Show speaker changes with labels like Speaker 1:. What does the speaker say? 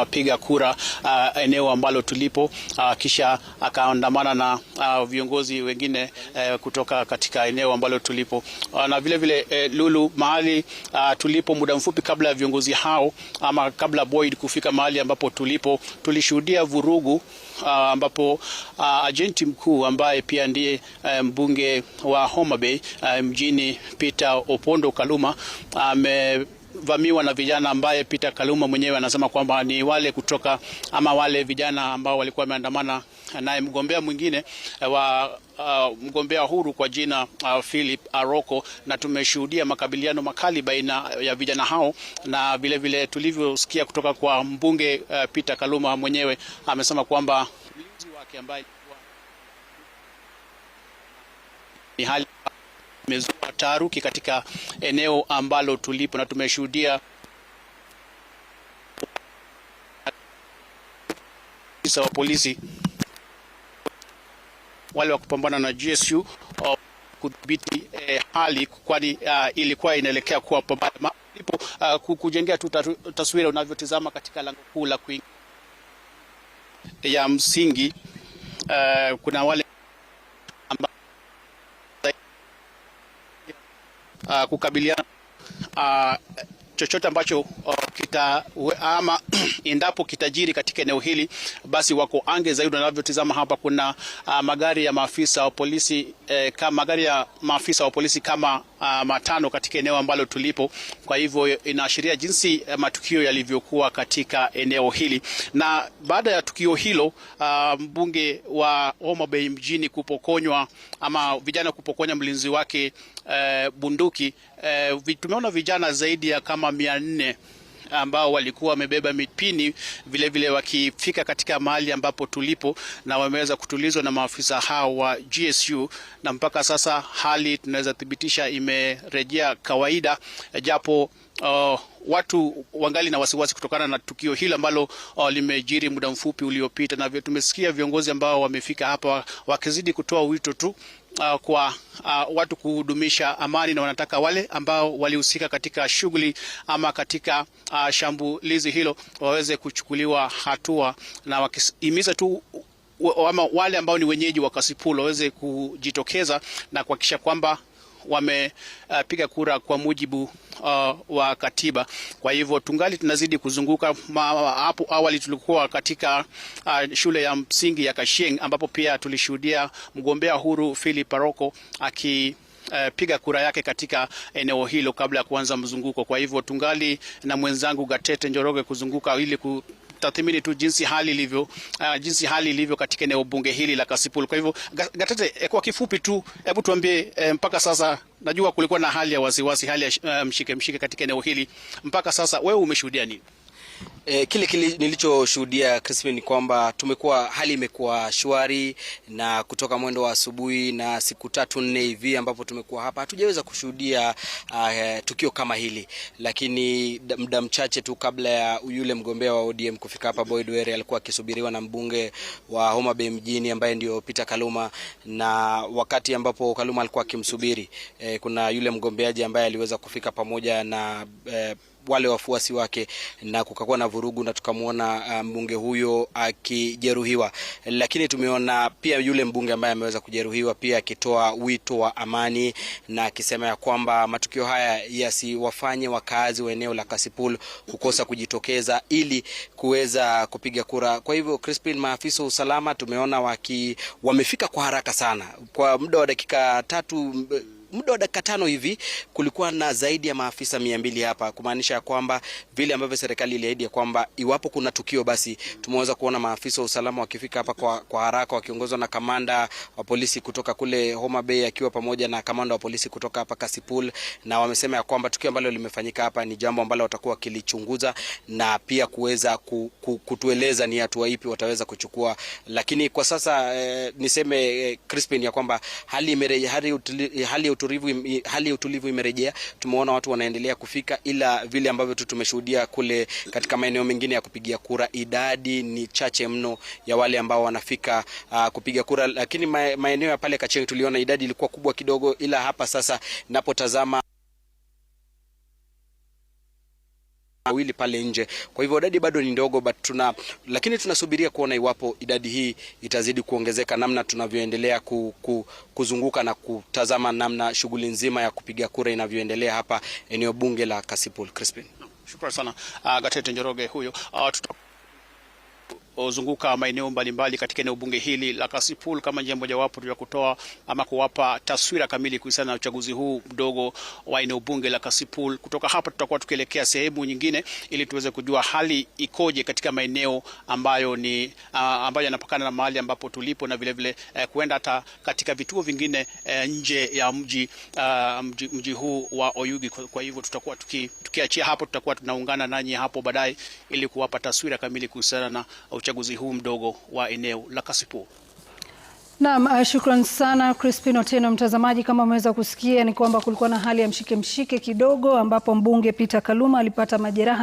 Speaker 1: kupiga uh, kura uh, eneo ambalo tulipo uh, kisha akaandamana na uh, viongozi wengine uh, kutoka katika eneo ambalo tulipo uh, na vile vile uh, Lulu mahali uh, tulipo muda mfupi kabla ya viongozi hao ama kabla Boyd kufika mahali ambapo tulipo tulishuhudia vurugu uh, ambapo uh, agenti mkuu ambaye pia ndiye uh, mbunge wa Homa Bay uh, mjini Peter Opondo Kaluma ame uh, vamiwa na vijana ambaye Peter Kaluma mwenyewe anasema kwamba ni wale kutoka ama wale vijana ambao walikuwa wameandamana naye mgombea mwingine eh, wa uh, mgombea huru kwa jina uh, Philip Aroko, na tumeshuhudia makabiliano makali baina ya vijana hao, na vile vile tulivyosikia kutoka kwa mbunge uh, Peter Kaluma mwenyewe amesema kwamba ni hali mezua taharuki katika eneo ambalo tulipo na tumeshuhudia afisa wa polisi wale wa kupambana na GSU uh, kudhibiti eh, hali kwani uh, ilikuwa inaelekea kuwa pambana ipo uh, kujengea tu taswira unavyotizama katika lango kuu la kuingia ya msingi uh, kuna wale uh, kukabiliana uh, chochote ambacho uh, kita ama endapo kitajiri katika eneo hili basi wako ange zaidi. Unavyotizama hapa kuna uh, magari ya maafisa wa polisi eh, kama magari ya maafisa wa polisi kama uh, matano katika eneo ambalo tulipo. Kwa hivyo inaashiria jinsi uh, matukio yalivyokuwa katika eneo hili. Na baada ya tukio hilo uh, mbunge wa Homa Bay mjini kupokonywa ama vijana kupokonya mlinzi wake uh, bunduki uh, tumeona vijana zaidi ya kama mia nne ambao walikuwa wamebeba mipini vilevile, wakifika katika mahali ambapo tulipo na wameweza kutulizwa na maafisa hao wa GSU, na mpaka sasa hali tunaweza thibitisha imerejea kawaida japo uh, watu wangali na wasiwasi kutokana na tukio hili ambalo uh, limejiri muda mfupi uliopita, na tumesikia viongozi ambao wamefika hapa wakizidi kutoa wito tu Uh, kwa uh, watu kuhudumisha amani na wanataka wale ambao walihusika katika shughuli ama katika uh, shambulizi hilo waweze kuchukuliwa hatua, na wakihimiza tu ama wale ambao ni wenyeji wa Kasipulo waweze kujitokeza na kuhakikisha kwamba wamepiga uh, kura kwa mujibu uh, wa katiba. Kwa hivyo tungali tunazidi kuzunguka. Hapo awali tulikuwa katika uh, shule ya msingi ya Kashieng ambapo pia tulishuhudia mgombea huru Philip Paroko aki Uh, piga kura yake katika eneo hilo kabla ya kuanza mzunguko. Kwa hivyo tungali na mwenzangu Gatete Njoroge kuzunguka ili ku tathmini tu jinsi hali ilivyo, uh, jinsi hali ilivyo katika eneo bunge hili la Kasipul. Kwa hivyo Gatete, eh, kwa kifupi tu, hebu tuambie eh, mpaka sasa najua kulikuwa na hali ya wasiwasi, hali ya uh, mshike mshike katika eneo hili mpaka sasa, wewe umeshuhudia nini?
Speaker 2: E, kile kile nilichoshuhudia Crispin ni kwamba tumekuwa hali imekuwa shwari na kutoka mwendo wa asubuhi na siku tatu nne hivi ambapo tumekuwa hapa hatujaweza kushuhudia uh, tukio kama hili, lakini muda mchache tu kabla ya yule mgombea wa ODM kufika hapa, Boyd Were alikuwa akisubiriwa na mbunge wa Homa Bay mjini ambaye ndio Peter Kaluma, na wakati ambapo Kaluma alikuwa akimsubiri, e, kuna yule mgombeaji ambaye aliweza kufika pamoja na e, wale wafuasi wake na kukakuwa na vurugu na tukamwona uh, mbunge huyo akijeruhiwa, lakini tumeona pia yule mbunge ambaye ameweza kujeruhiwa pia akitoa wito wa amani na akisema ya kwamba matukio haya yasiwafanye wakazi wa eneo la Kasipul kukosa kujitokeza ili kuweza kupiga kura. Kwa hivyo Crispin, maafisa wa usalama tumeona waki wamefika kwa haraka sana kwa muda wa dakika tatu muda wa dakika tano hivi kulikuwa na zaidi ya maafisa mia mbili hapa, kumaanisha kwamba vile ambavyo serikali iliahidi ya kwamba iwapo kuna tukio basi, tumeweza kuona maafisa wa usalama wakifika hapa kwa, kwa haraka wakiongozwa na kamanda wa polisi kutoka kule Homa Bay akiwa pamoja na kamanda wa polisi kutoka hapa Kasipul, na wamesema ya kwamba tukio ambalo limefanyika hapa ni jambo ambalo watakuwa wakilichunguza na pia kuweza ku, ku, kutueleza ni hatua ipi wataweza kuchukua, lakini kwa sasa eh, niseme eh, Crispin ya kwamba hali, imere, hali, hali, hali utulivu, hali ya utulivu imerejea. Tumeona watu wanaendelea kufika, ila vile ambavyo tu tumeshuhudia kule katika maeneo mengine ya kupigia kura, idadi ni chache mno ya wale ambao wanafika uh, kupiga kura, lakini maeneo ya pale Kacheng tuliona idadi ilikuwa kubwa kidogo, ila hapa sasa napotazama wawili pale nje. Kwa hivyo idadi bado ni ndogo but tuna, lakini tunasubiria kuona iwapo idadi hii itazidi kuongezeka namna tunavyoendelea ku, ku, kuzunguka na kutazama namna shughuli nzima ya kupiga kura inavyoendelea hapa eneo bunge la Kasipul. Crispin,
Speaker 1: shukrani sana. Uh, Gatete Njoroge huyo uh, wanaozunguka maeneo mbalimbali katika eneo bunge hili la Kasipul kama njia mojawapo ya kutoa ama kuwapa taswira kamili kuhusiana na uchaguzi huu mdogo wa eneo bunge la Kasipul. Kutoka hapa tutakuwa tukielekea sehemu nyingine ili tuweze kujua hali ikoje katika maeneo ambayo ni ambayo yanapakana na mahali ambapo tulipo na vilevile uh, kuenda hata katika vituo vingine uh, nje ya mji, uh, mji, mji huu wa Oyugi. Kwa, kwa hivyo tutakuwa tukiachia hapo, tutakuwa tunaungana nanyi hapo baadaye ili kuwapa taswira kamili kuhusiana na uchaguzi huu mdogo wa eneo la Kasipul.
Speaker 3: Naam, ah, shukran sana Crispin Otieno. Mtazamaji, kama umeweza kusikia ni kwamba kulikuwa na hali ya mshike mshike kidogo, ambapo mbunge Peter Kaluma alipata majeraha